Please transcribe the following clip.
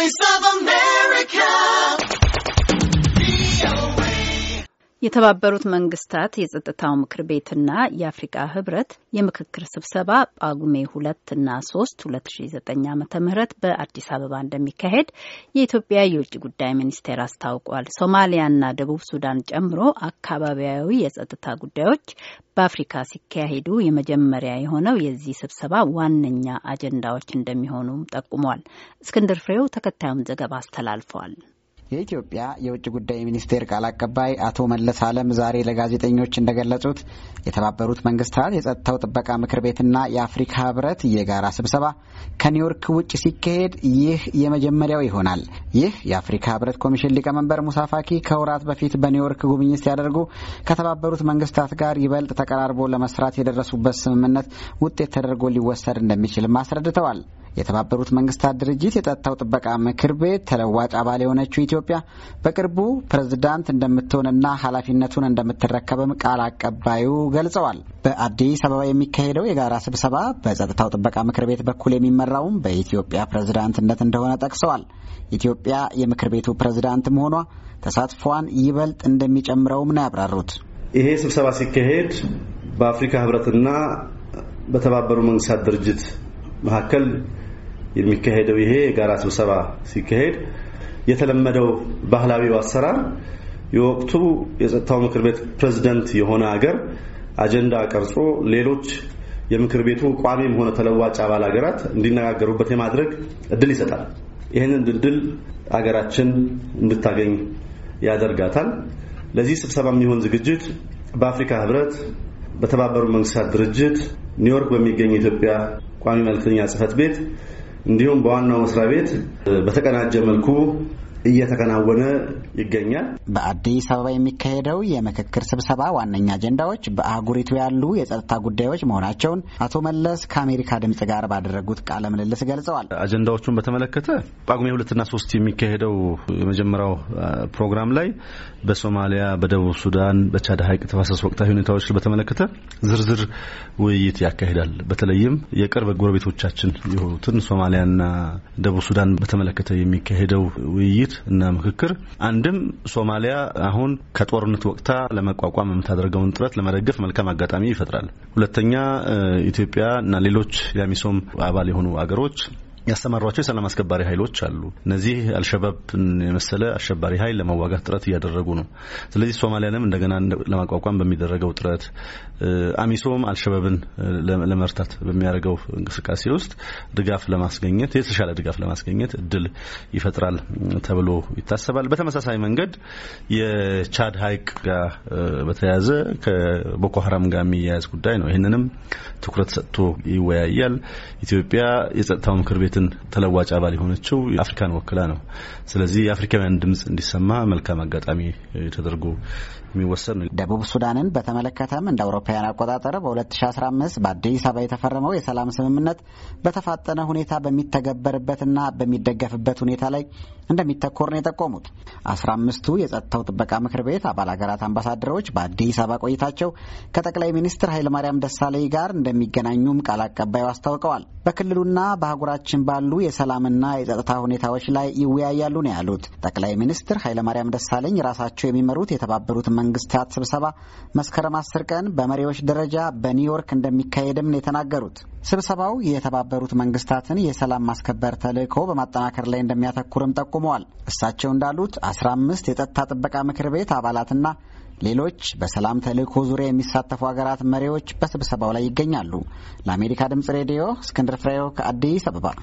Voice of የተባበሩት መንግስታት የጸጥታው ምክር ቤትና የአፍሪቃ ህብረት የምክክር ስብሰባ ጳጉሜ ሁለት እና ሶስት ሁለት ሺ ዘጠኝ አመተ ምህረት በአዲስ አበባ እንደሚካሄድ የኢትዮጵያ የውጭ ጉዳይ ሚኒስቴር አስታውቋል። ሶማሊያና ደቡብ ሱዳን ጨምሮ አካባቢያዊ የጸጥታ ጉዳዮች በአፍሪካ ሲካሄዱ የመጀመሪያ የሆነው የዚህ ስብሰባ ዋነኛ አጀንዳዎች እንደሚሆኑም ጠቁሟል። እስክንድር ፍሬው ተከታዩን ዘገባ አስተላልፈዋል። የኢትዮጵያ የውጭ ጉዳይ ሚኒስቴር ቃል አቀባይ አቶ መለስ አለም ዛሬ ለጋዜጠኞች እንደገለጹት የተባበሩት መንግስታት የጸጥታው ጥበቃ ምክር ቤትና የአፍሪካ ህብረት የጋራ ስብሰባ ከኒውዮርክ ውጭ ሲካሄድ ይህ የመጀመሪያው ይሆናል። ይህ የአፍሪካ ህብረት ኮሚሽን ሊቀመንበር ሙሳ ፋኪ ከወራት በፊት በኒውዮርክ ጉብኝት ሲያደርጉ ከተባበሩት መንግስታት ጋር ይበልጥ ተቀራርቦ ለመስራት የደረሱበት ስምምነት ውጤት ተደርጎ ሊወሰድ እንደሚችልም አስረድተዋል። የተባበሩት መንግስታት ድርጅት የጸጥታው ጥበቃ ምክር ቤት ተለዋጭ አባል የሆነችው ኢትዮጵያ በቅርቡ ፕሬዝዳንት እንደምትሆንና ኃላፊነቱን እንደምትረከብም ቃል አቀባዩ ገልጸዋል። በአዲስ አበባ የሚካሄደው የጋራ ስብሰባ በጸጥታው ጥበቃ ምክር ቤት በኩል የሚመራውም በኢትዮጵያ ፕሬዝዳንትነት እንደሆነ ጠቅሰዋል። ኢትዮጵያ የምክር ቤቱ ፕሬዝዳንት መሆኗ ተሳትፏን ይበልጥ እንደሚጨምረውም ነው ያብራሩት። ይሄ ስብሰባ ሲካሄድ በአፍሪካ ህብረትና በተባበሩ መንግስታት ድርጅት መካከል የሚካሄደው ይሄ የጋራ ስብሰባ ሲካሄድ የተለመደው ባህላዊው አሰራር የወቅቱ የጸጥታው ምክር ቤት ፕሬዝደንት የሆነ አገር አጀንዳ ቀርጾ ሌሎች የምክር ቤቱ ቋሚም ሆነ ተለዋጭ አባል ሀገራት እንዲነጋገሩበት የማድረግ እድል ይሰጣል። ይህንን እድል አገራችን እንድታገኝ ያደርጋታል። ለዚህ ስብሰባ የሚሆን ዝግጅት በአፍሪካ ህብረት፣ በተባበሩ መንግስታት ድርጅት ኒውዮርክ በሚገኝ ኢትዮጵያ። ቋሚ መልክተኛ ጽህፈት ቤት እንዲሁም በዋናው መስሪያ ቤት በተቀናጀ መልኩ እየተከናወነ ይገኛል። በአዲስ አበባ የሚካሄደው የምክክር ስብሰባ ዋነኛ አጀንዳዎች በአህጉሪቱ ያሉ የጸጥታ ጉዳዮች መሆናቸውን አቶ መለስ ከአሜሪካ ድምጽ ጋር ባደረጉት ቃለ ምልልስ ገልጸዋል። አጀንዳዎቹን በተመለከተ ጳጉሜ ሁለትና ሶስት የሚካሄደው የመጀመሪያው ፕሮግራም ላይ በሶማሊያ፣ በደቡብ ሱዳን፣ በቻድ ሀይቅ ተፋሰስ ወቅታዊ ሁኔታዎች በተመለከተ ዝርዝር ውይይት ያካሂዳል። በተለይም የቅርብ ጎረቤቶቻችን የሆኑትን ሶማሊያና ደቡብ ሱዳን በተመለከተ የሚካሄደው ውይይት ውይይት እና ምክክር አንድም ሶማሊያ አሁን ከጦርነት ወቅታ ለመቋቋም የምታደርገውን ጥረት ለመደገፍ መልካም አጋጣሚ ይፈጥራል። ሁለተኛ ኢትዮጵያ እና ሌሎች የሚሶም አባል የሆኑ አገሮች ያሰማሯቸው የሰላም አስከባሪ ኃይሎች አሉ። እነዚህ አልሸባብ የመሰለ አሸባሪ ኃይል ለመዋጋት ጥረት እያደረጉ ነው። ስለዚህ ሶማሊያንም እንደገና ለማቋቋም በሚደረገው ጥረት አሚሶም አልሸባብን ለመርታት በሚያደርገው እንቅስቃሴ ውስጥ ድጋፍ ለማስገኘት የተሻለ ድጋፍ ለማስገኘት እድል ይፈጥራል ተብሎ ይታሰባል። በተመሳሳይ መንገድ የቻድ ሀይቅ ጋር በተያያዘ ከቦኮ ሀራም ጋር የሚያያዝ ጉዳይ ነው። ይህንንም ትኩረት ሰጥቶ ይወያያል። ኢትዮጵያ የጸጥታው ምክር ቤት እንትን ተለዋጭ አባል የሆነችው አፍሪካን ወክላ ነው። ስለዚህ የአፍሪካውያን ድምጽ እንዲሰማ መልካም አጋጣሚ eh, ተደርጎ የሚወሰድ ነው። ደቡብ ሱዳንን በተመለከተም እንደ አውሮፓውያን አቆጣጠር በ2015 በአዲስ አበባ የተፈረመው የሰላም ስምምነት በተፋጠነ ሁኔታ በሚተገበርበትና በሚደገፍበት ሁኔታ ላይ እንደሚተኮር ነው የጠቆሙት። አስራ አምስቱ የጸጥታው ጥበቃ ምክር ቤት አባል ሀገራት አምባሳደሮች በአዲስ አበባ ቆይታቸው ከጠቅላይ ሚኒስትር ኃይለማርያም ደሳለኝ ጋር እንደሚገናኙም ቃል አቀባዩ አስታውቀዋል። በክልሉና በአህጉራችን ባሉ የሰላምና የጸጥታ ሁኔታዎች ላይ ይወያያሉ ነው ያሉት ጠቅላይ ሚኒስትር ኃይለማርያም ደሳለኝ ራሳቸው የሚመሩት የተባበሩት መንግስታት ስብሰባ መስከረም አስር ቀን በመሪዎች ደረጃ በኒውዮርክ እንደሚካሄድም ነው የተናገሩት። ስብሰባው የተባበሩት መንግስታትን የሰላም ማስከበር ተልዕኮ በማጠናከር ላይ እንደሚያተኩርም ጠቁመዋል። እሳቸው እንዳሉት አስራ አምስት የጸጥታ ጥበቃ ምክር ቤት አባላትና ሌሎች በሰላም ተልእኮ ዙሪያ የሚሳተፉ ሀገራት መሪዎች በስብሰባው ላይ ይገኛሉ። ለአሜሪካ ድምጽ ሬዲዮ እስክንድር ፍሬው ከአዲስ አበባ